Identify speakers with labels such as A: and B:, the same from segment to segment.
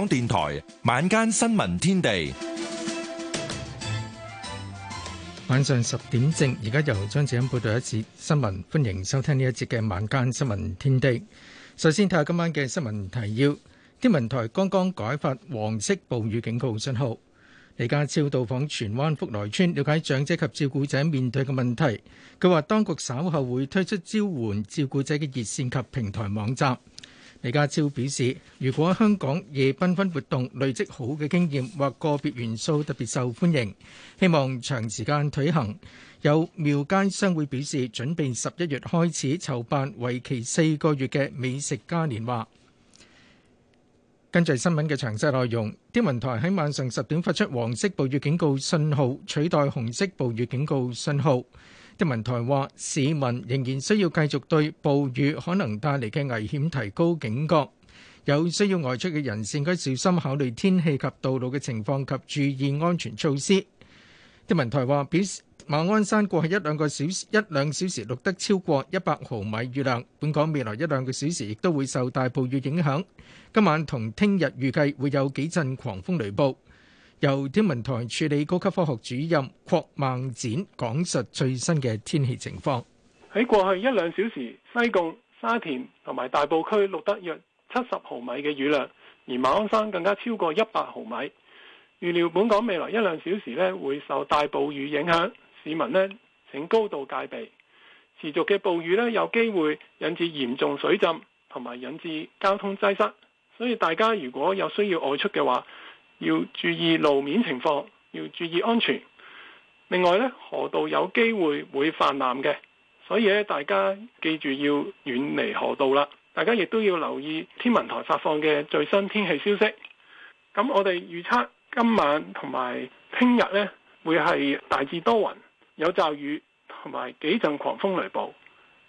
A: 港電台晚間新聞天地，
B: 晚上十點正，而家由張子欣報道一節新聞，歡迎收聽呢一節嘅晚間新聞天地。首先睇下今晚嘅新聞提要，天文台剛剛改發黃色暴雨警告信號。李家超到訪荃灣福來村，了解長者及照顧者面對嘅問題。佢話當局稍後會推出招援照顧者嘅熱線及平台網站。李家超表示，如果香港夜繽紛活動累積好嘅經驗或個別元素特別受歡迎，希望長時間推行。有廟街商會表示，準備十一月開始籌辦為期四個月嘅美食嘉年華。根據新聞嘅詳細內容，天文台喺晚上十點發出黃色暴雨警告信號，取代紅色暴雨警告信號。天文台話，市民仍然需要繼續對暴雨可能帶嚟嘅危險提高警覺，有需要外出嘅人士應該小心考慮天氣及道路嘅情況及注意安全措施。天文台話，表示馬鞍山過去一兩個小一兩小時錄得超過一百毫米雨量，本港未來一兩個小時亦都會受大暴雨影響。今晚同聽日預計會有幾陣狂風雷暴。由天文台處理高級科學主任郭孟展講述最新嘅天氣情況。
A: 喺過去一兩小時，西貢、沙田同埋大埔區錄得約七十毫米嘅雨量，而馬鞍山更加超過一百毫米。預料本港未來一兩小時呢會受大暴雨影響，市民呢請高度戒備。持續嘅暴雨呢有機會引致嚴重水浸同埋引致交通擠塞，所以大家如果有需要外出嘅話，要注意路面情況，要注意安全。另外呢，河道有機會會泛濫嘅，所以咧大家記住要遠離河道啦。大家亦都要留意天文台發放嘅最新天氣消息。咁我哋預測今晚同埋聽日呢會係大致多雲，有驟雨同埋幾陣狂風雷暴，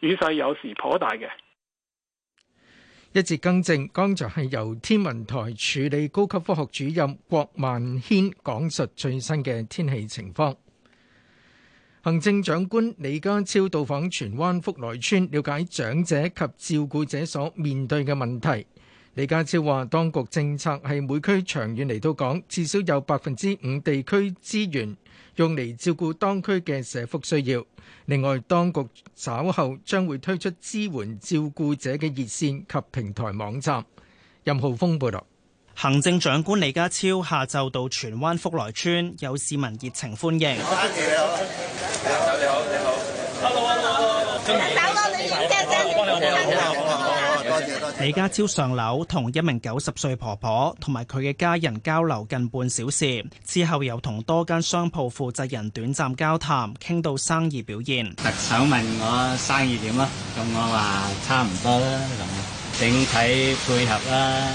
A: 雨勢有時頗大嘅。
B: 一節更正，剛才係由天文台處理高級科學主任郭萬軒講述最新嘅天氣情況。行政長官李家超到訪荃灣福來邨，了解長者及照顧者所面對嘅問題。李家超話當局政策係每區長遠嚟到，講至少有百分之五地區資源用嚟照顧當區嘅社福需要。另外，當局稍後將會推出支援照顧者嘅熱線及平台
C: 網站。任浩峰報道。行政長官李家超下晝到荃灣福來邨，有市民熱情歡迎。
D: 你好，你
C: 好，你好，你好，你好，你好。李家超上樓同一名九十歲婆婆同埋佢嘅家人交流近半小時，之後又同多間商鋪負責人短暫交談，傾到生意表現。特
E: 首問我生意點咯，咁我話差唔多啦，咁整體
C: 配合啦，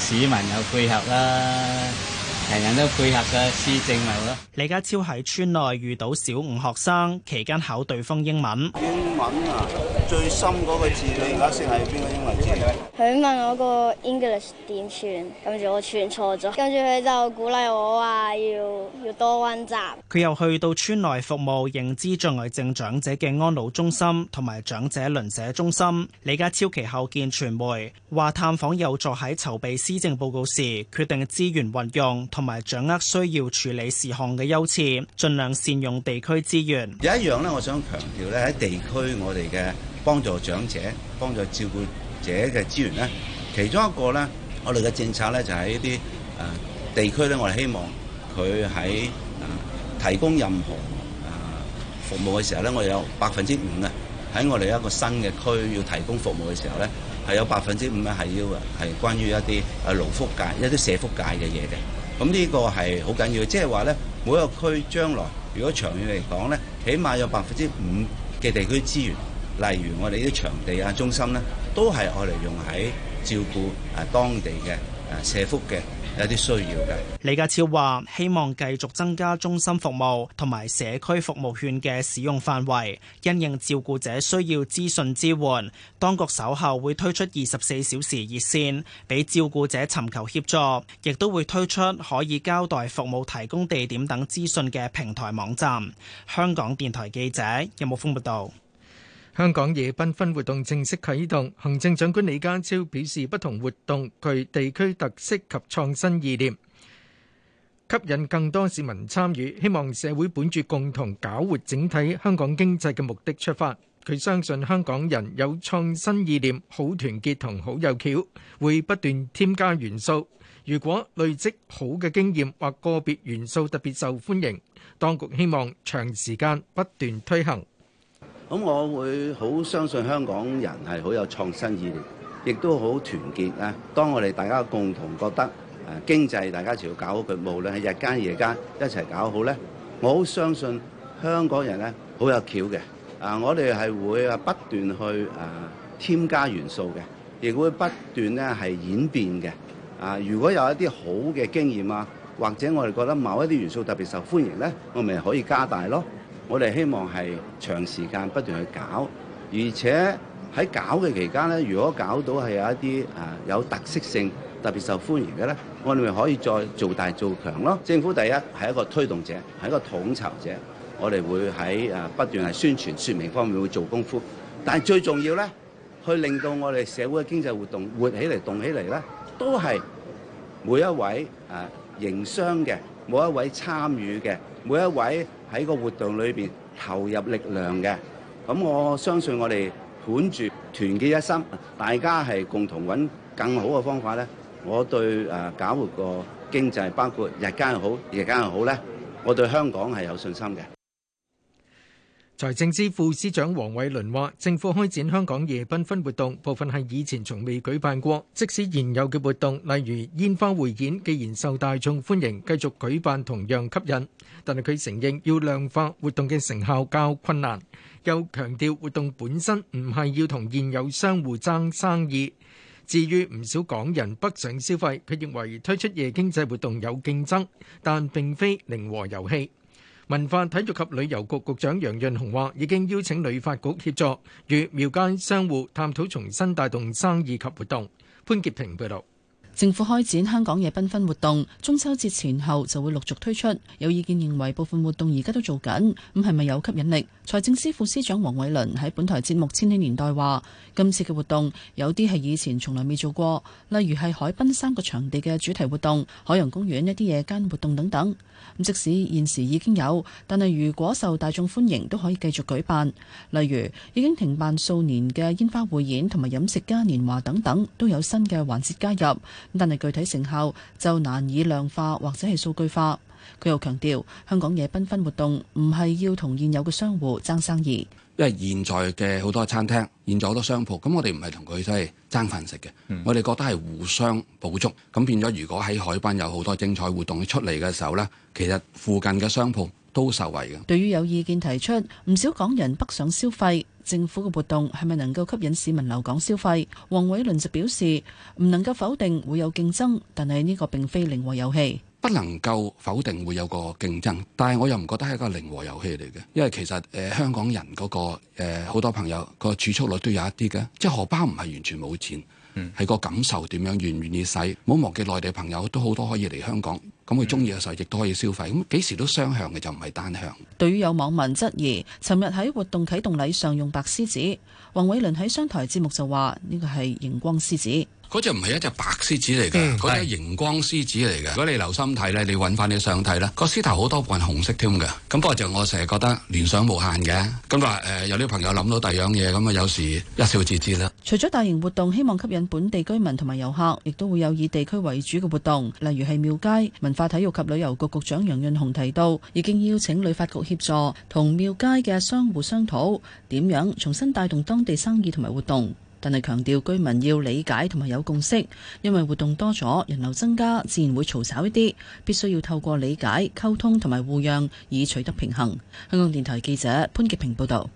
C: 市民又配合啦。人人都配合嘅施政啦。李家超喺村內遇到小五學生，期間考對方英文。
D: 英文啊，最深嗰個字你而家識係邊個英文字？點
F: 解嘅？佢問我個 English 點串，跟住我串錯咗，跟住佢就鼓勵我話、啊。多混雜。
C: 佢又去到村內服務認知障礙症長者嘅安老中心同埋長者鄰舍中心。李家超其後見傳媒，話探訪有助喺籌備施政報告時決定資源運用同埋掌握需要處理事項嘅優次，盡量善用地區資源。有一樣呢，
D: 我想強調呢，喺地區我哋嘅幫助長者、幫助照顧者嘅資源呢，其中一個呢，我哋嘅政策呢，就係一啲誒地區呢，我哋希望。佢喺提供任何服務嘅時候咧，我有百分之五啊，喺我哋一個新嘅區要提供服務嘅時候咧，係有百分之五咧係要係關於一啲啊勞福界、一啲社福界嘅嘢嘅。咁呢個係好緊要，即係話咧，每一個區將來如果長遠嚟講咧，起碼有百分之五嘅地區資源，例如我哋啲場地啊、中心咧，都係愛嚟用喺照顧啊當地嘅啊社福嘅。有啲需要嘅。
C: 李家超話希望繼續增加中心服務同埋社區服務券嘅使用範圍，因應照顧者需要資訊支援。當局稍後會推出二十四小時熱線俾照顧者尋求協助，亦都會推出可以交代服務提供地點等資訊嘅平台網站。香港電台記者任木豐報道。有香港夜繽紛活動正式啟動，行政長官李家超表示，不
B: 同活動具地區特色及創新意念，吸引更多市民參與。希望社會本着共同搞活整體香港經濟嘅目的出發。佢相信香港人有創新意念，好團結同好有橋，會不斷添加元素。如果累積好嘅經驗或個別元素特別受歡迎，當局希望長時間不斷推行。
D: 咁我會好相信香港人係好有創新意念，亦都好團結啊！當我哋大家共同覺得誒、啊、經濟大家就要搞好佢，無論係日間夜間一齊搞好咧，我好相信香港人咧好有橋嘅啊！我哋係會不斷去誒、啊、添加元素嘅，亦會不斷咧係演變嘅啊！如果有一啲好嘅經驗啊，或者我哋覺得某一啲元素特別受歡迎咧、啊，我咪可以加大咯。我哋希望係長時間不斷去搞，而且喺搞嘅期間咧，如果搞到係有一啲啊、呃、有特色性、特別受歡迎嘅咧，我哋咪可以再做大做強咯。政府第一係一個推動者，係一個統籌者，我哋會喺誒、呃、不斷係宣傳説明方面會做功夫。但係最重要咧，去令到我哋社會嘅經濟活動活起嚟、動起嚟咧，都係每一位誒、呃、營商嘅，每一位參與嘅，每一位。喺個活動裏邊投入力量嘅，咁我相信我哋本住團結一心，大家係共同揾更好嘅方法咧。我對誒搞活個經濟，包括日間又好，夜間又好咧，我對香港係有信心嘅。
B: 財政司副司長黃偉綸話，政府開展香港夜繽紛活動，部分係以前從未舉辦過。即使現有嘅活動，例如煙花匯演，既然受大眾歡迎，繼續舉辦同樣吸引。但係佢承認要量化活動嘅成效較困難。又強調活動本身唔係要同現有商戶爭生意。至於唔少港人北上消費，佢認為推出夜經濟活動有競爭，但並非零和遊戲。文化體育及旅遊局局長楊潤雄話：已經邀請旅發局協助與廟街商戶探討重新帶動生意及活動。潘
G: 潔婷報道。政府開展香港夜繽紛活動，中秋節前後就會陸續推出。有意見認為部分活動而家都在做緊，咁係咪有吸引力？財政司副司長黃偉綸喺本台節目《千禧年代》話：今次嘅活動有啲係以前從來未做過，例如係海濱三個場地嘅主題活動、海洋公園一啲夜間活動等等。咁即使現時已經有，但係如果受大眾歡迎，都可以繼續舉辦。例如已經停辦數年嘅煙花匯演同埋飲食嘉年華等等，都有新嘅環節加入。但係具體成效就難以量化或者係數據化。佢又強調，香港夜繽紛活動唔係要同現有嘅商戶爭生意，因為
H: 現在嘅好多餐廳，現在好多商鋪，咁我哋唔係同佢即係爭飯食嘅，我哋覺得係互相補足。咁變咗，如果喺海濱有好多精彩活動出嚟嘅時候呢，其實附近嘅商鋪都受惠嘅。
G: 對於有意見提出，唔少港人北上消費。政府嘅活動係咪能夠吸引市民留港消費？黃偉倫就表示唔能夠否定會有競爭，但係呢個並非零和遊戲，
H: 不能夠否定會有個競爭，但係我又唔覺得係一個零和遊戲嚟嘅，因為其實誒、呃、香港人嗰、那個好、呃、多朋友個儲蓄率都有一啲嘅，即係荷包唔係完全冇錢。係個感受點樣願唔願意使，唔好忘記內地朋友都好多可以嚟香港，咁佢中意嘅時候亦都可以消費，咁幾時都雙向嘅就唔係單向。
G: 對於有網民質疑，尋日喺活動啟動禮上用白獅子，黃偉倫喺商台節目就話呢個係熒光獅子。嗰隻
H: 唔係一隻白獅子嚟嘅，嗰隻係熒光獅子嚟嘅。如果你留心睇咧，你揾翻啲相睇啦。個獅頭好多部分紅色添嘅。咁不過就我成日覺得聯想無限嘅。咁話誒，有啲朋友諗到第二樣嘢，咁啊有時一笑置之啦。
G: 除咗大型活動，希望吸引本地居民同埋遊客，亦都會有以地區為主嘅活動，例如係廟街。文化體育及旅遊局局長楊潤雄提到，已經邀請旅發局協助同廟街嘅商戶商討點樣重新帶動當地生意同埋活動。但係強調居民要理解同埋有共識，因為活動多咗，人流增加，自然會嘈吵一啲，必須要透過理解、溝通同埋互讓，以取得平衡。香港電台記者潘潔平報道，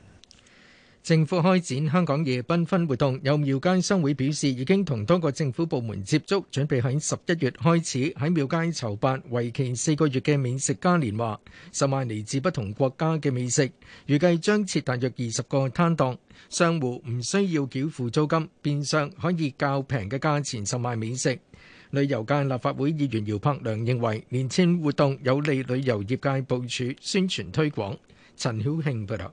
B: 政府開展香港夜繽紛活動，有廟街商會表示已經同多個政府部門接觸，準備喺十一月開始喺廟街籌辦，為期四個月嘅美食嘉年華，售賣嚟自不同國家嘅美食，預計將設大約二十個攤檔。商戶唔需要繳付租金，變相可以較平嘅價錢，售賣美食。旅遊界立法會議員姚柏良認為，年節活動有利旅遊業界部署宣傳推廣。陳曉慶報道。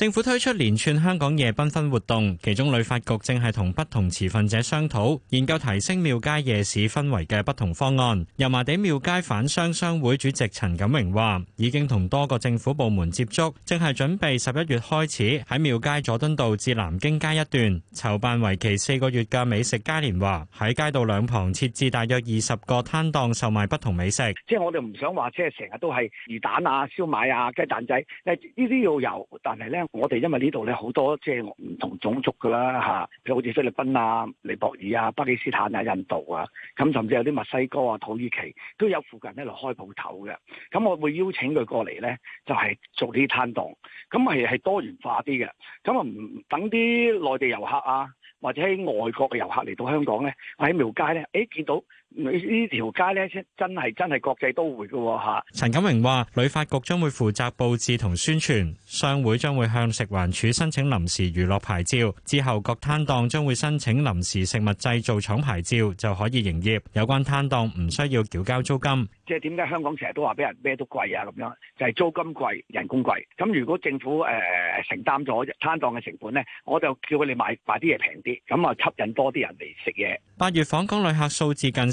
E: 政府推出連串香港夜繽紛活動，其中旅發局正係同不同持份者商討，研究提升廟街夜市氛圍嘅不同方案。油麻地廟街反商商會主席陳錦榮話，已經同多個政府部門接觸，正係準備十一月開始喺廟街佐敦道至南京街一段籌辦，為期四個月嘅美食嘉年華，喺街道兩旁設置大約二十個攤檔，售賣不同美食。
H: 即係我哋唔想話，即係成日都係魚蛋啊、燒賣啊、雞蛋仔，呢啲要有，但係咧。我哋因為呢度咧好多即係唔同種族㗎啦嚇，譬如好似菲律賓啊、尼泊爾啊、巴基斯坦啊、印度啊，咁甚至有啲墨西哥啊、土耳其都有附近喺度開鋪頭嘅。咁我會邀請佢過嚟咧，就係、是、做呢啲攤檔。咁係係多元化啲嘅。咁啊唔等啲內地遊客啊，或者喺外國嘅遊客嚟到香港咧，喺廟街咧，誒、欸、見到。呢條街咧真真係真係國際都會嘅喎嚇。陳
E: 錦榮話：旅發局將會負責佈置同宣傳，商會將會向食環署申請臨時娛樂牌照，之後各攤檔將會申請臨時食物製造廠牌照就可以營業。有關攤檔唔需要繳交租金。
H: 即係點解香港成日都話俾人咩都貴啊咁樣？就係租金貴、人工貴。咁如果政府誒承擔咗攤檔嘅成本咧，我就叫佢哋賣賣啲嘢平啲，咁啊吸引多啲人嚟食嘢。
E: 八月訪港旅客數字接近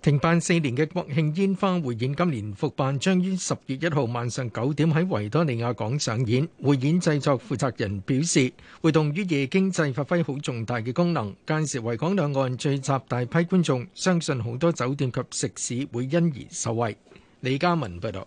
B: 停辦四年嘅國慶煙花匯演今年復辦，將於十月一號晚上九點喺維多利亞港上演。匯演製作負責人表示，活動於夜經濟發揮好重大嘅功能，屆時維港兩岸聚集大批觀眾，相信好多酒店及食肆會因而受惠。李嘉文報道。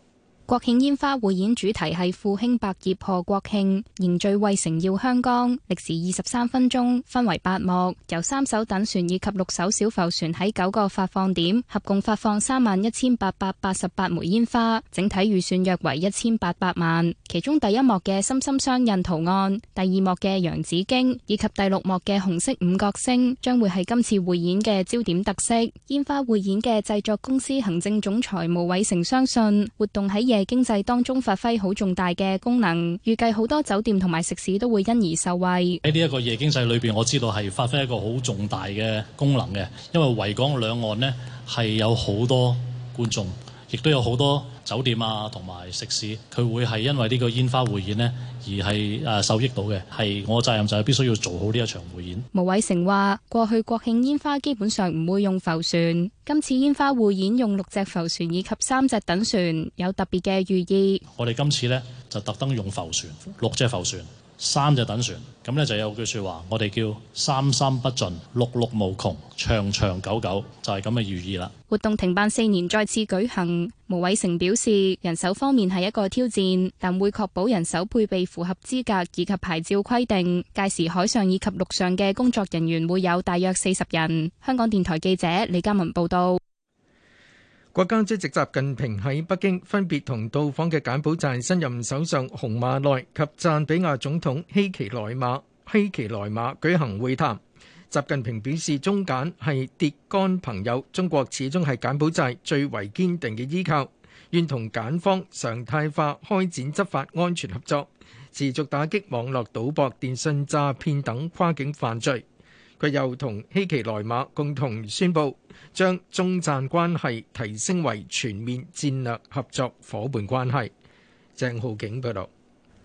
I: 國慶煙花匯演主題係富興百業賀國慶，凝聚衛城耀香江。歷時二十三分鐘，分為八幕，由三艘躉船以及六艘小浮船喺九個發放點合共發放三萬一千八百八十八枚煙花，整體預算約為一千八百萬。其中第一幕嘅心心相印圖案，第二幕嘅《洋紫荊》以及第六幕嘅紅色五角星，將會係今次匯演嘅焦點特色。煙花匯演嘅製作公司行政總裁吳偉成相信，活動喺夜。經濟當中發揮好重大嘅功能，預計好多酒店同埋食肆，都會因而受惠。
H: 喺呢一個夜經濟裏邊，我知道係發揮一個好重大嘅功能嘅，因為維港兩岸呢係有好多觀眾。亦都有好多酒店啊，同埋食肆，佢會係因為呢個煙花匯演呢而係誒、呃、受益到嘅。係我責任就係必須要做好呢一場匯演。
I: 毛偉成話：過去國慶煙花基本上唔會用浮船，今次煙花匯演用六隻浮船以及三隻等船，有特別嘅寓意。
H: 我哋今次咧，就特登用浮船，六隻浮船。三隻就等船，咁呢就有句説話，我哋叫三三不盡，六六無窮，長長久久，就係咁嘅寓意啦。
I: 活動停辦四年再次舉行，毛偉成表示人手方面係一個挑戰，但會確保人手配備符合資格以及牌照規定。屆時海上以及陸上嘅工作人員會有大約四十人。香港電台記者李嘉文報道。
B: 國家主席習近平喺北京分別同到訪嘅柬埔寨新任首相洪馬奈及贊比亞總統希奇萊馬希奇萊馬舉行會談。習近平表示，中柬係鐵桿朋友，中國始終係柬埔寨最為堅定嘅依靠，願同柬方常態化開展執法安全合作，持續打擊網絡賭博、電信詐騙等跨境犯罪。佢又同希奇萊馬共同宣布。將中贊關係提升為全面戰略合作夥伴關係。鄭浩景報道。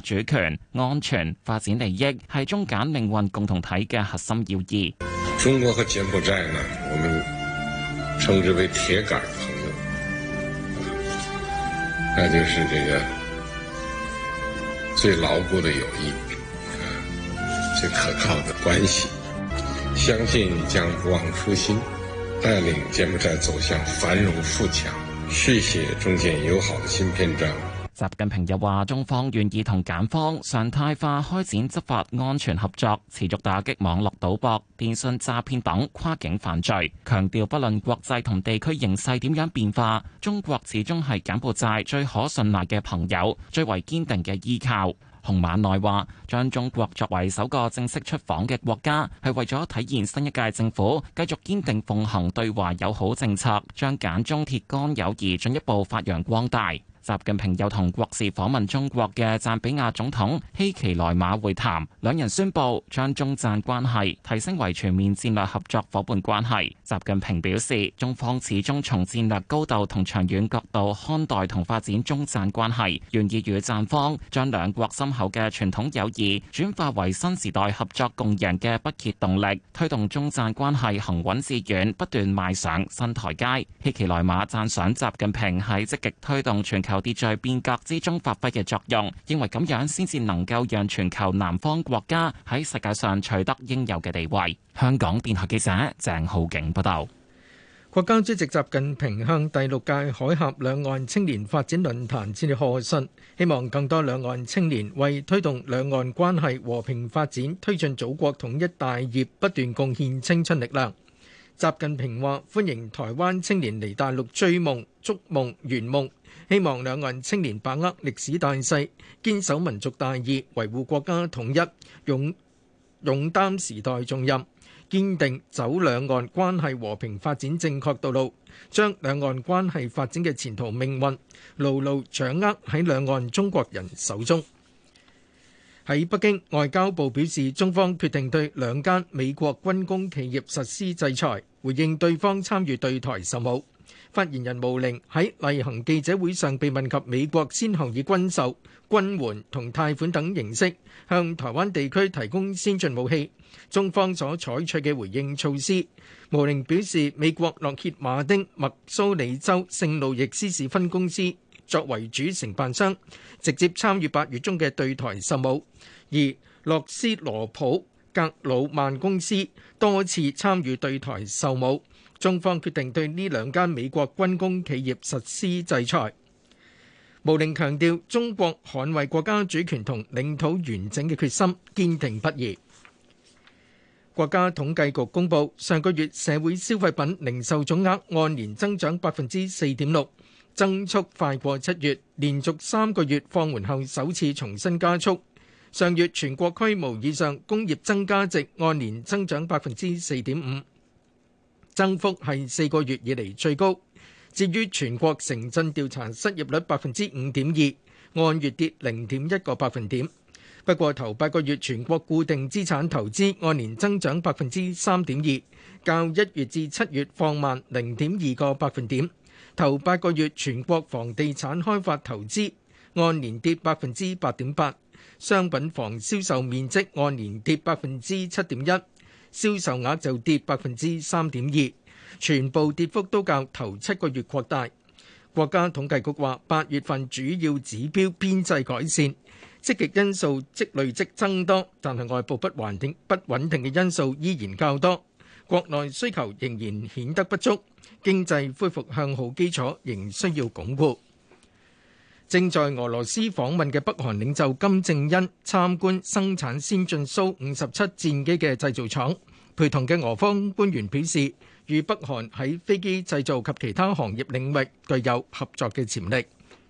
J: 主權、安全、發展利益係中柬命運共同體嘅核心要義。
A: 中國和柬埔寨呢，我們稱之為鐵杆朋友，那就是這個最牢固的友誼、最可靠的關係。相信將不忘初心，帶領柬埔寨走向繁榮富強，續寫中柬友好的新篇章。
J: 習近平又話中方願意同柬方常態化開展執法安全合作，持續打擊網絡賭博、電信詐騙等跨境犯罪。強調不論國際同地區形勢點樣變化，中國始終係柬埔寨最可信賴嘅朋友，最為堅定嘅依靠。洪馬內話將中國作為首個正式出訪嘅國家，係為咗體現新一屆政府繼續堅定奉行對華友好政策，將柬中鐵桿友誼進一步發揚光大。習近平又同國事訪問中國嘅贊比亞總統希奇萊馬會談，兩人宣布將中讚關係提升為全面戰略合作伙伴關係。習近平表示，中方始終從戰略高度同長遠角度看待同發展中讚關係，願意與讚方將兩國深厚嘅傳統友誼轉化為新時代合作共贏嘅不竭動力，推動中讚關係行穩致遠，不斷邁上新台階。希奇萊馬讚賞習近平喺積極推動全球。有啲在變革之中發揮嘅作用，認為咁樣先至能夠讓全球南方國家喺世界上取得應有嘅地位。香港電台記者鄭浩景報道，
B: 國家主席習近平向第六屆海峽兩岸青年發展論壇致賀信，希望更多兩岸青年為推動兩岸關係和平發展、推進祖國統一大業不斷貢獻青春力量。習近平話：歡迎台灣青年嚟大陸追夢、築夢、圓夢。希望兩岸青年把握歷史大勢，堅守民族大義，維護國家統一，勇勇擔時代重任，堅定走兩岸關係和平發展正確道路，將兩岸關係發展嘅前途命運牢牢掌握喺兩岸中國人手中。喺北京，外交部表示，中方決定對兩間美國軍工企業實施制裁，回應對方參與對台售武。發言人毛寧喺例行記者會上被問及美國先後以軍售、軍援同貸款等形式向台灣地區提供先進武器，中方所採取嘅回應措施。毛寧表示，美國洛歇馬丁密蘇里州聖路易斯市分公司作為主承辦商，直接參與八月中嘅對台售武；而洛斯羅普格魯曼公司多次參與對台售武。中方決定對呢兩間美國軍工企業實施制裁。毛寧強調，中國捍衛國家主權同領土完整嘅決心堅定不移。國家統計局公佈，上個月社會消費品零售總額按年增長百分之四點六，增速快過七月，連續三個月放緩後首次重新加速。上月全國規模以上工業增加值按年增長百分之四點五。增幅係四個月以嚟最高。至於全國城鎮調查失業率百分之五點二，按月跌零點一個百分點。不過頭八個月全國固定資產投資按年增長百分之三點二，較一月至七月放慢零點二個百分點。頭八個月全國房地產開發投資按年跌百分之八點八，商品房銷售面積按年跌百分之七點一。銷售額就跌百分之三點二，全部跌幅都較頭七個月擴大。國家統計局話，八月份主要指標編制改善，積極因素積累積增多，但係外部不環境不穩定嘅因素依然較多。國內需求仍然顯得不足，經濟恢復向好基礎仍需要鞏固。正在俄羅斯訪問嘅北韓領袖金正恩參觀生產先進蘇五十七戰機嘅製造廠，陪同嘅俄方官員表示，與北韓喺飛機製造及其他行業領域具有合作嘅潛力。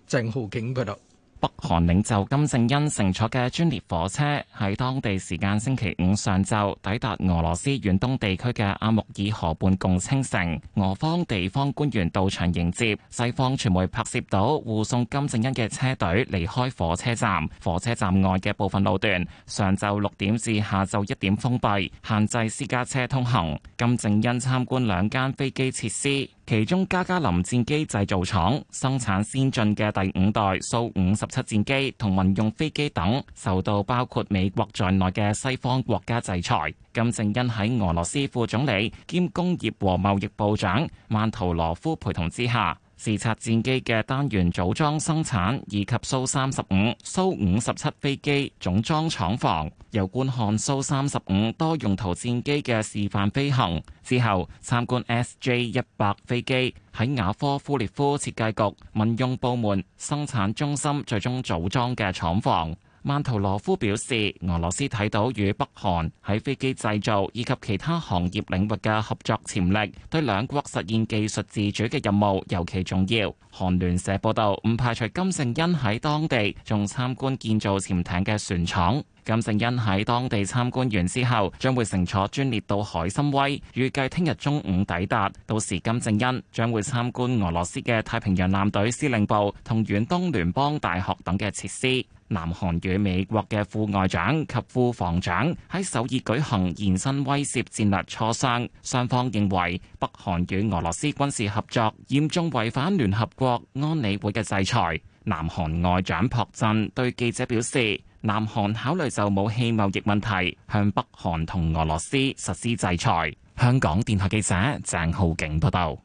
B: 鄭浩景報道。
J: 北韓領袖金正恩乘坐嘅專列火車喺當地時間星期五上晝抵達俄羅斯遠東地區嘅阿穆爾河畔共青城，俄方地方官員到場迎接。西方傳媒拍攝到護送金正恩嘅車隊離開火車站，火車站外嘅部分路段上晝六點至下晝一點封閉，限制私家車通行。金正恩參觀兩間飛機設施。其中，加加林戰機製造廠生產先進嘅第五代蘇五十七戰機同民用飛機等，受到包括美國在內嘅西方國家制裁。金正恩喺俄羅斯副總理兼工業和貿易部長曼圖羅夫陪同之下。視察戰機嘅單元組裝生產，以及蘇三十五、蘇五十七飛機總裝廠房，又觀看蘇三十五多用途戰機嘅示範飛行之後，參觀 SJ 一百飛機喺雅科夫列夫設計局民用部門生產中心最終組，組裝嘅廠房。曼圖羅夫表示，俄羅斯睇到與北韓喺飛機製造以及其他行業領域嘅合作潛力，對兩國實現技術自主嘅任務尤其重要。韓聯社報道，唔排除金正恩喺當地仲參觀建造潛艇嘅船廠。金正恩喺當地參觀完之後，將會乘坐專列到海參崴，預計聽日中午抵達。到時金正恩將會參觀俄羅斯嘅太平洋艦隊司令部同遠東聯邦大學等嘅設施。南韓與美國嘅副外長及副防長喺首爾舉行延伸威懾戰略磋商，雙方認為北韓與俄羅斯軍事合作嚴重違反聯合國安理會嘅制裁。南韓外長朴振對記者表示，南韓考慮就武器貿易問題向北韓同俄羅斯實施制裁。香港電台記者鄭浩景報道。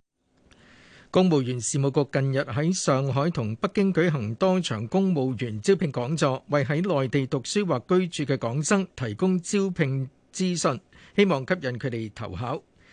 B: 公務員事務局近日喺上海同北京舉行多場公務員招聘講座，為喺內地讀書或居住嘅港生提供招聘資訊，希望吸引佢哋投考。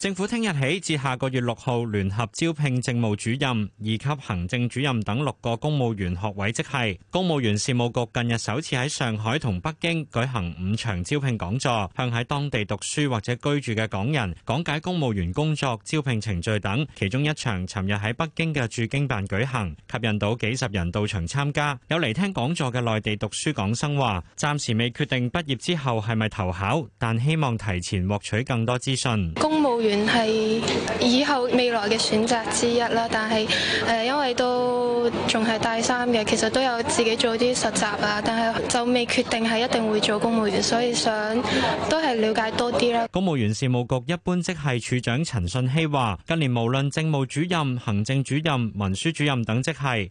E: 政府聽日起至下個月六號聯合招聘政務主任、二級行政主任等六個公務員學位職系。公務員事務局近日首次喺上海同北京舉行五場招聘講座，向喺當地讀書或者居住嘅港人講解公務員工作、招聘程序等。其中一場尋日喺北京嘅駐京辦舉行，吸引到幾十人到場參加。有嚟聽講座嘅內地讀書港生話，暫時未決定畢業之後係咪投考，但希望提前獲取更多資訊。
I: 公務員係以後未來嘅選擇之一啦，但係誒，因為都仲係大三嘅，其實都有自己做啲實習啊，但係就未決定係一定會做公務員，所以想都係了解多啲啦。
E: 公務員事務局一般職系處長陳順希話，近年無論政務主任、行政主任、文書主任等職系。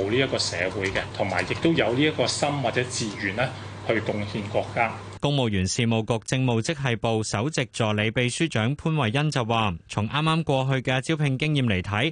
A: 做呢一個社會嘅，同埋亦都有呢一個心或者志願呢去貢獻國家。
E: 公務員事務局政務職系部首席助理秘書長潘慧欣就話，從啱啱過去嘅招聘經驗嚟睇。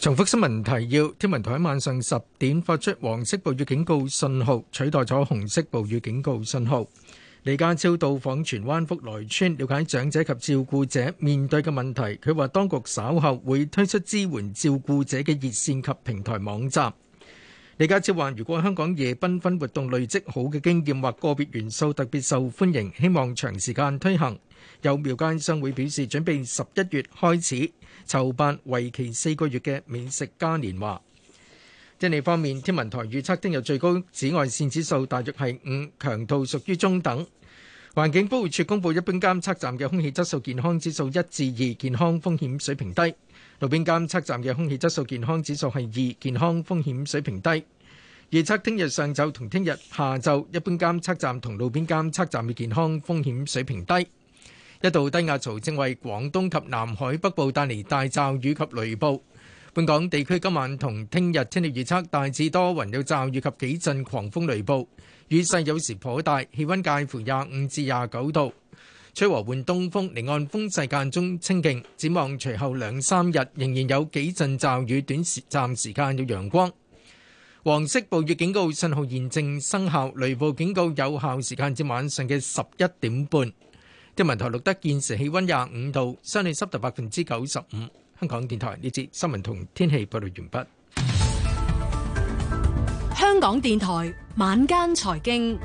B: 重複新聞提要：天文台喺晚上十點發出黃色暴雨警告信號，取代咗紅色暴雨警告信號。李家超到訪荃灣福來邨了解長者及照顧者面對嘅問題。佢話當局稍後會推出支援照顧者嘅熱線及平台網站。李家超話：如果香港夜繽紛活動累積好嘅經驗或個別元素特別受歡迎，希望長時間推行。有廟街商會表示準備十一月開始籌辦為期四個月嘅美食嘉年華。天氣方面，天文台預測聽日最高紫外線指數大約係五，強度屬於中等。環境保護署公布一般監測站嘅空氣質素健康指數一至二，健康風險水平低。路邊監測站嘅空氣質素健康指數係二，健康風險水平低。預測聽日上晝同聽日下晝，一般監測站同路邊監測站嘅健康風險水平低。一道低壓槽正為廣東及南海北部帶嚟大驟雨及雷暴。本港地區今晚同聽日天氣預測大致多雲有驟雨及幾陣狂風雷暴，雨勢有時頗大，氣溫介乎廿五至廿九度。吹和緩東風，離岸風勢間中清勁。展望隨後兩三日，仍然有幾陣驟雨，短暫時間有陽光。黃色暴雨警告信號現正生效，雷暴警告有效時間至晚上嘅十一點半。天文台錄得現時氣溫廿五度，相對濕度百分之九十五。香港電台呢節新聞同天氣報道完畢。
K: 香港電
F: 台晚間財經。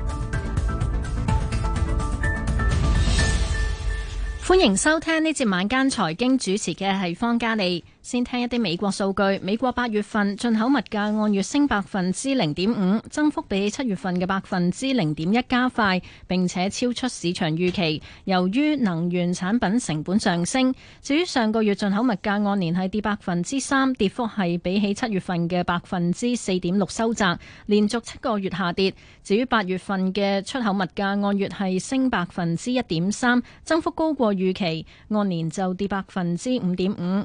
F: 歡迎收聽呢節晚間財經，主持嘅係方嘉利。先聽一啲美國數據。美國八月份進口物價按月升百分之零點五，增幅比起七月份嘅百分之零點一加快，並且超出市場預期。由於能源產品成本上升，至於上個月進口物價按年係跌百分之三，跌幅係比起七月份嘅百分之四點六收窄，連續七個月下跌。至於八月份嘅出口物價按月係升百分之一點三，增幅高過預期，按年就跌百分之五點五。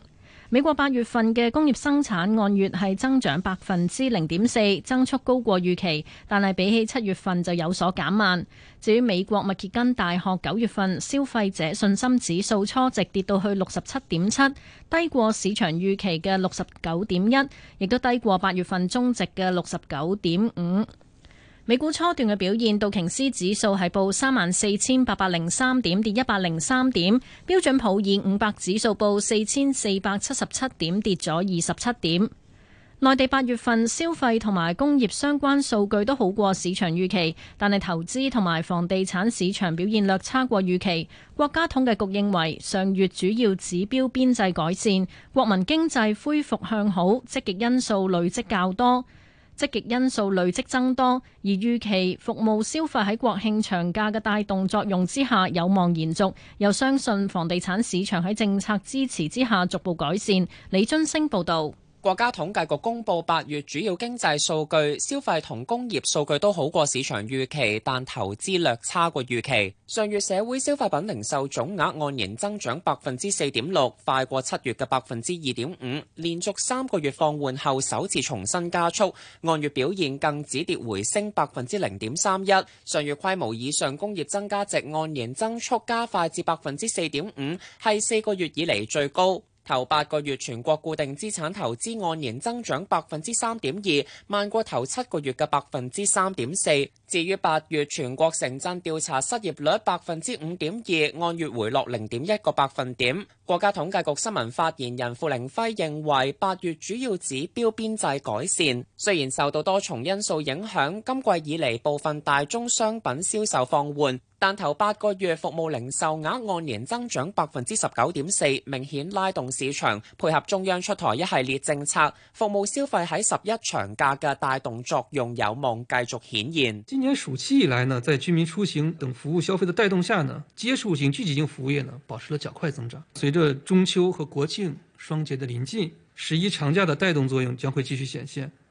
F: 美國八月份嘅工業生產按月係增長百分之零點四，增速高過預期，但係比起七月份就有所減慢。至於美國密歇根大學九月份消費者信心指數初值跌到去六十七點七，低過市場預期嘅六十九點一，亦都低過八月份終值嘅六十九點五。美股初段嘅表現，道瓊斯指數係報三萬四千八百零三點，跌一百零三點；標準普爾五百指數報四千四百七十七點，跌咗二十七點。內地八月份消費同埋工業相關數據都好過市場預期，但係投資同埋房地產市場表現略差過預期。國家統計局認為，上月主要指標邊際改善，國民經濟恢復向好，積極因素累積較多。積極因素累積增多，而預期服務消費喺國慶長假嘅帶動作用之下有望延續，又相信房地產市場喺政策支持之下逐步改善。李津升報導。
L: 國家統計局公布八月主要經濟數據，消費同工業數據都好過市場預期，但投資略差過預期。上月社會消費品零售總額按年增長百分之四點六，快過七月嘅百分之二點五，連續三個月放緩後首次重新加速，按月表現更止跌回升百分之零點三一。上月規模以上工業增加值按年增速加快至百分之四點五，係四個月以嚟最高。頭八個月全國固定資產投資按年增長百分之三點二，慢過頭七個月嘅百分之三點四。至於八月全國城鎮調查失業率百分之五點二，按月回落零點一個百分點。國家統計局新聞發言人付凌暉認為，八月主要指標邊際改善，雖然受到多重因素影響，今季以嚟部分大宗商品銷售放緩。但頭八個月服務零售額按年增長百分之十九點四，明顯拉動市場。配合中央出台一系列政策，服務消費喺十一長假嘅帶動作用有望
A: 繼續顯現。今年暑期以來呢，在居民出行等服務消費的帶動下呢，接觸性、聚集性服務業呢保持了較快增長。隨着中秋和國慶雙節的臨近，十一長假的帶動作用將會繼續顯現。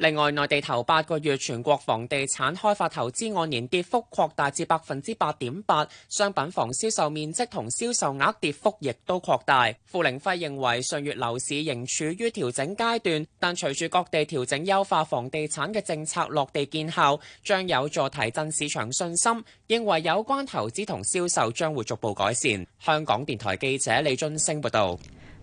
L: 另外，內地頭八個月全國房地產開發投資按年跌幅擴大至百分之八點八，商品房銷售面積同銷售額跌幅亦都擴大。付凌暉認為，上月樓市仍處於調整階段，但隨住各地調整優化房地產嘅政策落地見效，將有助提振市場信心，認為有關投資同銷售將會逐步改善。香港電台記者李津升報道。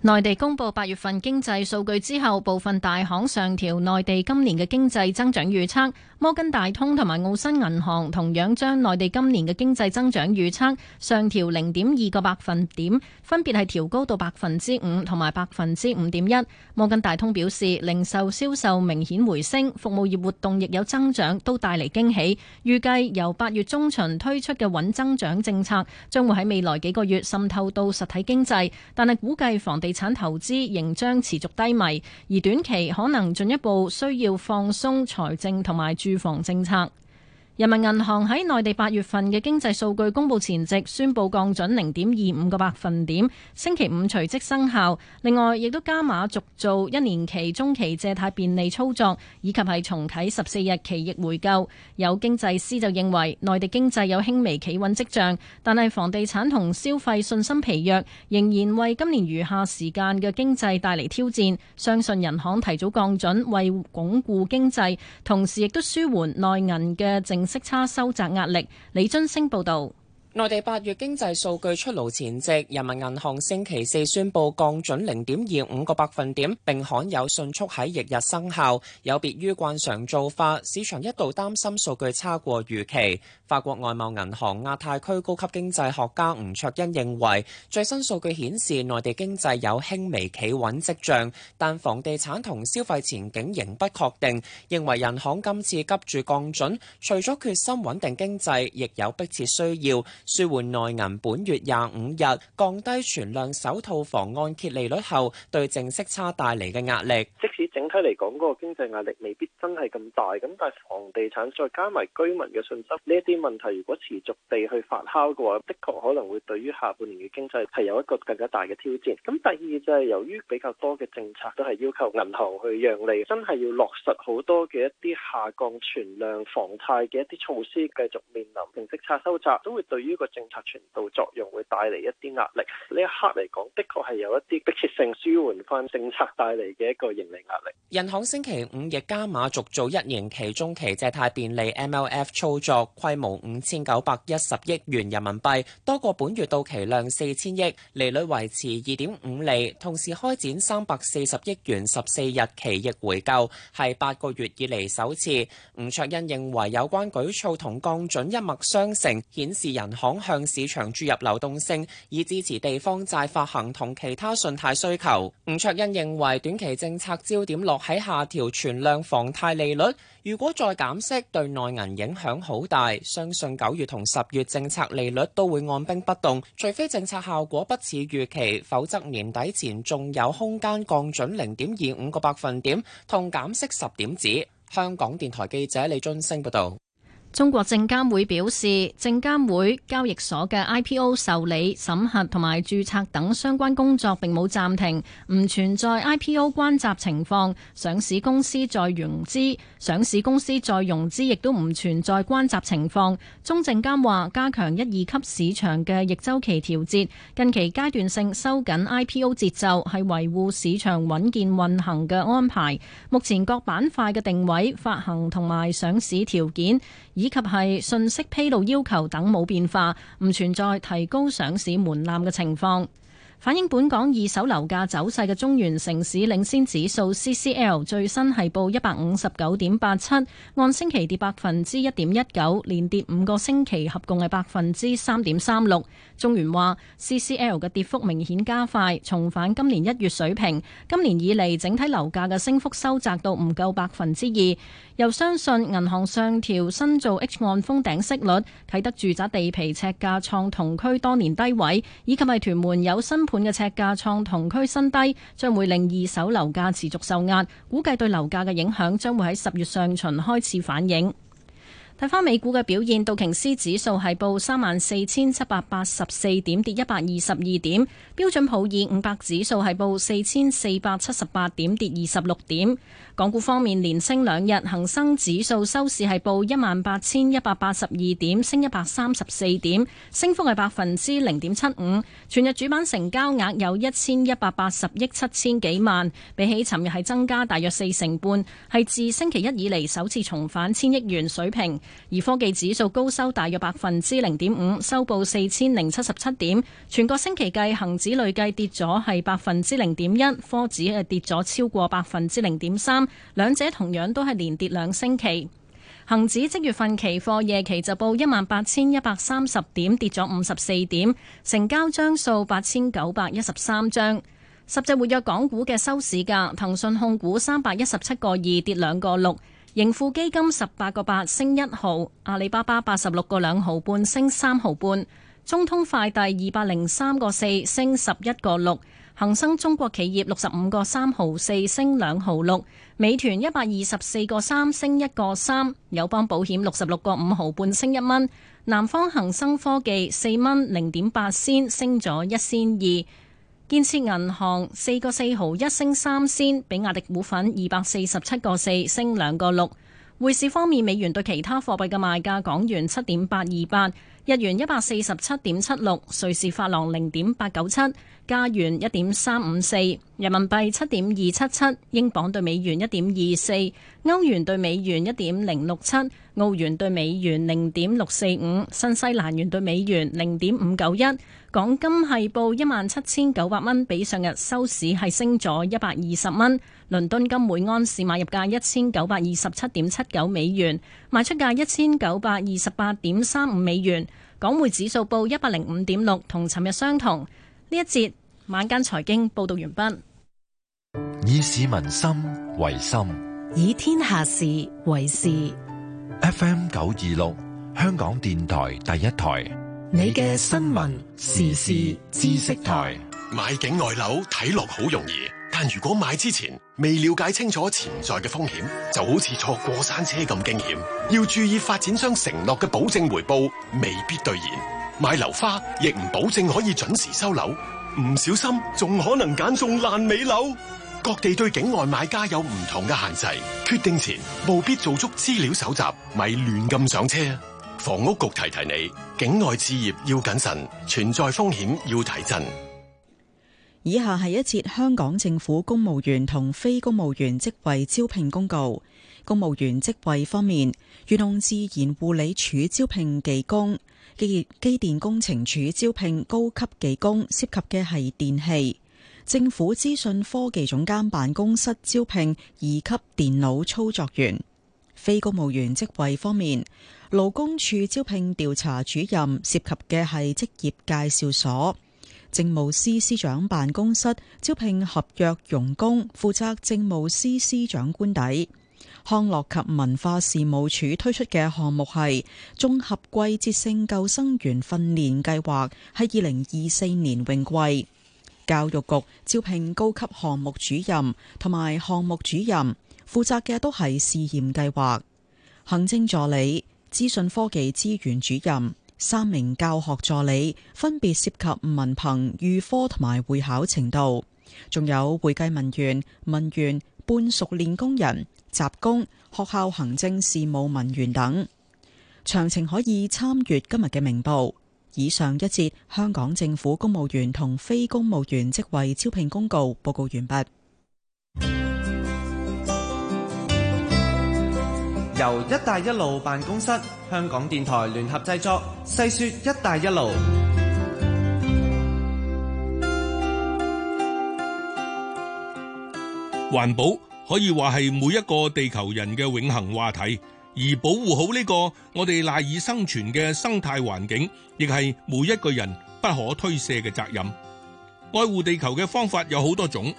F: 內地公佈八月份經濟數據之後，部分大行上調內地今年嘅經濟增長預測。摩根大通同埋澳新銀行同樣將內地今年嘅經濟增長預測上調零點二個百分點，分別係調高到百分之五同埋百分之五點一。摩根大通表示，零售銷售銷售明顯回升，服務業活動亦有增長，都帶嚟驚喜。預計由八月中旬推出嘅穩增長政策，將會喺未來幾個月滲透到實體經濟，但係估計房地產投資仍將持續低迷，而短期可能進一步需要放鬆財政同埋住房政策。人民銀行喺內地八月份嘅經濟數據公佈前夕，宣布降準零點二五個百分點，星期五隨即生效。另外，亦都加碼續做一年期中期借貸便利操作，以及係重啟十四日期逆回購。有經濟師就認為，內地經濟有輕微企穩跡象，但係房地產同消費信心疲弱，仍然為今年餘下時間嘅經濟帶嚟挑戰。相信人行提早降準，為鞏固經濟，同時亦都舒緩內銀嘅政息差收窄壓力。李津升報道。
L: 內地八月經濟數據出爐前夕，人民銀行星期四宣布降準零點二五個百分點，並罕有迅速喺翌日生效。有別於慣常做法，市場一度擔心數據差過預期。法國外貿銀行亞太區高級經濟學家吳卓殷認為，最新數據顯示內地經濟有輕微企穩跡象，但房地產同消費前景仍不確定。認為人行今次急住降準，除咗決心穩定經濟，亦有迫切需要。舒緩內銀本月廿五日降低存量首套房按揭利率後，對淨息差帶嚟嘅壓力。即使整體嚟講，嗰、那個經濟壓力未必真係咁大，咁但係房地產再加埋居民嘅信心，呢一啲問題如果持續地去發酵嘅話，的確可能會對於下半年嘅經濟係有一個更加大嘅挑戰。咁第二就係、是、由於比較多嘅政策都係要求銀行去讓利，真係要落實好多嘅一啲下降存量房貸嘅一啲措施，繼續面臨淨息差收窄，都會對於。呢個政策傳導作用會帶嚟一啲壓力，呢一刻嚟講的確係有一啲迫切性，舒緩翻政
J: 策帶嚟嘅一個盈利壓力。
L: 人行星期五亦加碼續做一年期中期借貸便利 （MLF） 操作，規模五千九百一十億元人民幣，多過本月到期量四千億，利率維持二點五厘，同時開展三百四十億元十四日期逆回購，係八個月以嚟首次。吳卓恩認為有關舉措同降準一脈相承，顯示人行。港向市場注入流動性，以支持地方債發行同其他信貸需求。吳卓恩認為，短期政策焦點落喺下調存量房貸利率。如果再減息，對內銀影響好大。相信九月同十月政策利率都會按兵不動，除非政策效果不似預期，否則年底前仲有空間降準零點二五個百分點同減息十點子。香港電台記者李津升報道。
F: 中國證監會表示，證監會交易所嘅 IPO 受理、審核同埋註冊等相關工作並冇暫停，唔存在 IPO 關閘情況。上市公司再融資，上市公司再融資亦都唔存在關閘情況。中證監話，加強一、二級市場嘅逆周期調節，近期階段性收緊 IPO 節奏，係維護市場穩健運行嘅安排。目前各板塊嘅定位、發行同埋上市條件以及係信息披露要求等冇變化，唔存在提高上市門檻嘅情況。反映本港二手樓價走勢嘅中原城市領先指數 CCL 最新係報一百五十九點八七，按星期跌百分之一點一九，連跌五個星期，合共係百分之三點三六。中原話 CCL 嘅跌幅明顯加快，重返今年一月水平。今年以嚟整體樓價嘅升幅收窄到唔夠百分之二，又相信銀行上調新造 H 按封頂息率，啟德住宅地皮尺價創同區多年低位，以及係屯門有新盤本嘅尺價創同區新低，將會令二手樓價持續受壓，估計對樓價嘅影響將會喺十月上旬開始反映。睇翻美股嘅表現，道瓊斯指數係報三萬四千七百八十四點，跌一百二十二點；標準普爾五百指數係報四千四百七十八點，跌二十六點。港股方面連升兩日，恒生指數收市係報一萬八千一百八十二點，升一百三十四點，升幅係百分之零點七五。全日主板成交額有一千一百八十億七千幾萬，比起尋日係增加大約四成半，係自星期一以嚟首次重返千億元水平。而科技指數高收大約百分之零點五，收報四千零七十七點。全個星期計，恒指累計跌咗係百分之零點一，科指係跌咗超過百分之零點三，兩者同樣都係連跌兩星期。恒指即月份期貨夜期就報一萬八千一百三十點，跌咗五十四點，成交張數八千九百一十三張。十隻活躍港股嘅收市價，騰訊控股三百一十七個二，跌兩個六。盈富基金十八個八升一毫，阿里巴巴八十六個兩毫半升三毫半，中通快遞二百零三個四升十一個六，恒生中國企業六十五個三毫四升兩毫六，美團一百二十四個三升一個三，友邦保險六十六個五毫半升一蚊，南方恒生科技四蚊零點八仙升咗一仙二。建設銀行四個四毫一升三仙，比亞迪股份二百四十七個四升兩個六。匯市方面，美元對其他貨幣嘅賣價：港元七點八二八，日元一百四十七點七六，瑞士法郎零點八九七，加元一點三五四，人民幣七點二七七，英鎊對美元一點二四，歐元對美元一點零六七，澳元對美元零點六四五，新西蘭元對美元零點五九一。港金係報一萬七千九百蚊，比上日收市係升咗一百二十蚊。倫敦金每安士買入價一千九百二十七點七九美元，賣出價一千九百二十八點三五美元。港匯指數報一百零五點六，同尋日相同。呢一節晚間財經報道完畢。
A: 以市民心為心，
F: 以天下事為事。
A: FM 九二六，香港電台第一台。你嘅新聞時事知識台，買境外樓睇落好容易，但如果買之前未了解清楚潛在嘅風險，就好似坐過山車咁驚險。要注意發展商承諾嘅保證回報未必兌現，買樓花亦唔保證可以準時收樓，唔小心仲可能揀中爛尾樓。各地對境外買家有唔同嘅限制，決定前務必做足資料搜集，咪亂咁上車。房屋局提提你，境外置業要謹慎，存在風險要提振。
K: 以下係一節香港政府公務員同非公務員職位招聘公告。公務員職位方面，漁農自然護理署招聘技工，機電工程署招聘高級技工，涉及嘅係電器。政府資訊科技總監辦公室招聘二級電腦操作員。非公務員職位方面，勞工處招聘調查主任涉及嘅係職業介紹所；政務司司長辦公室招聘合約僱工，負責政務司司長官邸。康樂及文化事務署推出嘅項目係綜合季節性救生員訓練計劃，喺二零二四年泳季；教育局招聘高級項目主任同埋項目主任，負責嘅都係試驗計劃、行政助理、資訊科技資源主任、三名教學助理，分別涉及文憑、預科同埋會考程度，仲有會計文員、文員、半熟練工人、雜工、學校行政事務文員等。詳情可以參閱今日嘅明報。以上一節，香港政府公務員同非公務員職位招聘公告報告完畢。由“一帶一路”
C: 辦公室、香港電台聯合製作，細說“一帶一路”。
A: 環保可以話係每一個地球人嘅永恒話題，而保護好呢個我哋賴以生存嘅生態環境，亦係每一個人不可推卸嘅責任。愛護地球嘅方法有好多種，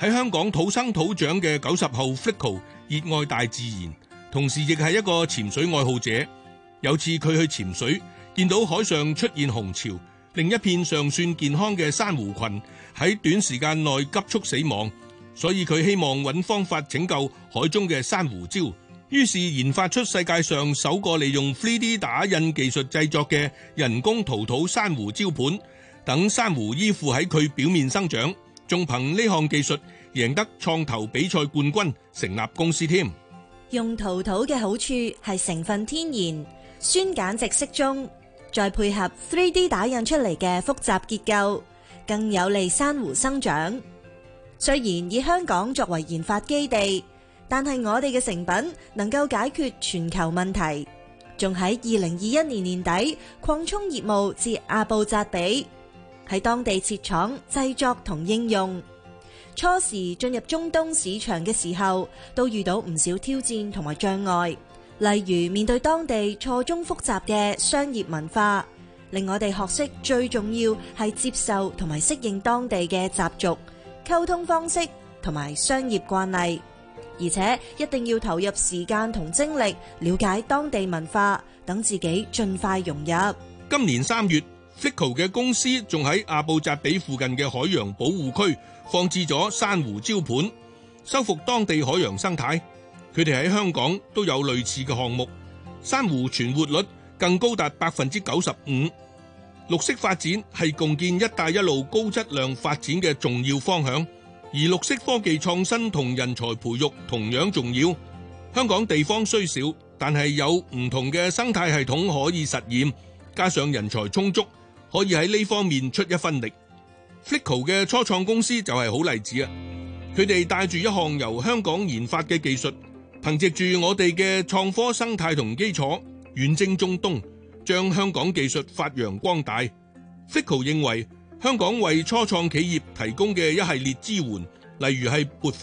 A: 喺香港土生土長嘅九十後 Fico 熱愛大自然。同時亦係一個潛水愛好者。有次佢去潛水，見到海上出現紅潮，另一片尚算健康嘅珊瑚群喺短時間內急速死亡，所以佢希望揾方法拯救海中嘅珊瑚礁。於是研發出世界上首個利用 3D 打印技術製作嘅人工陶土珊瑚礁盤，等珊瑚依附喺佢表面生長，仲憑呢項技術贏得創投比賽冠軍，成立公司添。
M: 用陶土嘅好處係成分天然、酸鹼值適中，再配合 3D 打印出嚟嘅複雜結構，更有利珊瑚生長。雖然以香港作為研發基地，但係我哋嘅成品能夠解決全球問題，仲喺二零二一年年底擴充業務至阿布扎比，喺當地設廠製作同應用。初時進入中東市場嘅時候，都遇到唔少挑戰同埋障礙，例如面對當地錯綜複雜嘅商業文化，令我哋學識最重要係接受同埋適應當地嘅習俗、溝通方式同埋商業慣例，而且一定要投入時間同精力了解當地文化，等自己盡快融入。
A: 今年三月，Fico 嘅公司仲喺阿布扎比附近嘅海洋保護區放置咗珊瑚礁盤，修復當地海洋生態。佢哋喺香港都有類似嘅項目，珊瑚存活率更高達百分之九十五。綠色發展係共建「一帶一路」高質量發展嘅重要方向，而綠色科技創新同人才培育同樣重要。香港地方雖小，但係有唔同嘅生態系統可以實驗，加上人才充足，可以喺呢方面出一分力。Fico 嘅初創公司就係好例子啊！佢哋帶住一項由香港研發嘅技術，憑借住我哋嘅創科生態同基礎遠征中東，將香港技術發揚光大。Fico 認為香港為初創企業提供嘅一系列支援，例如係撥。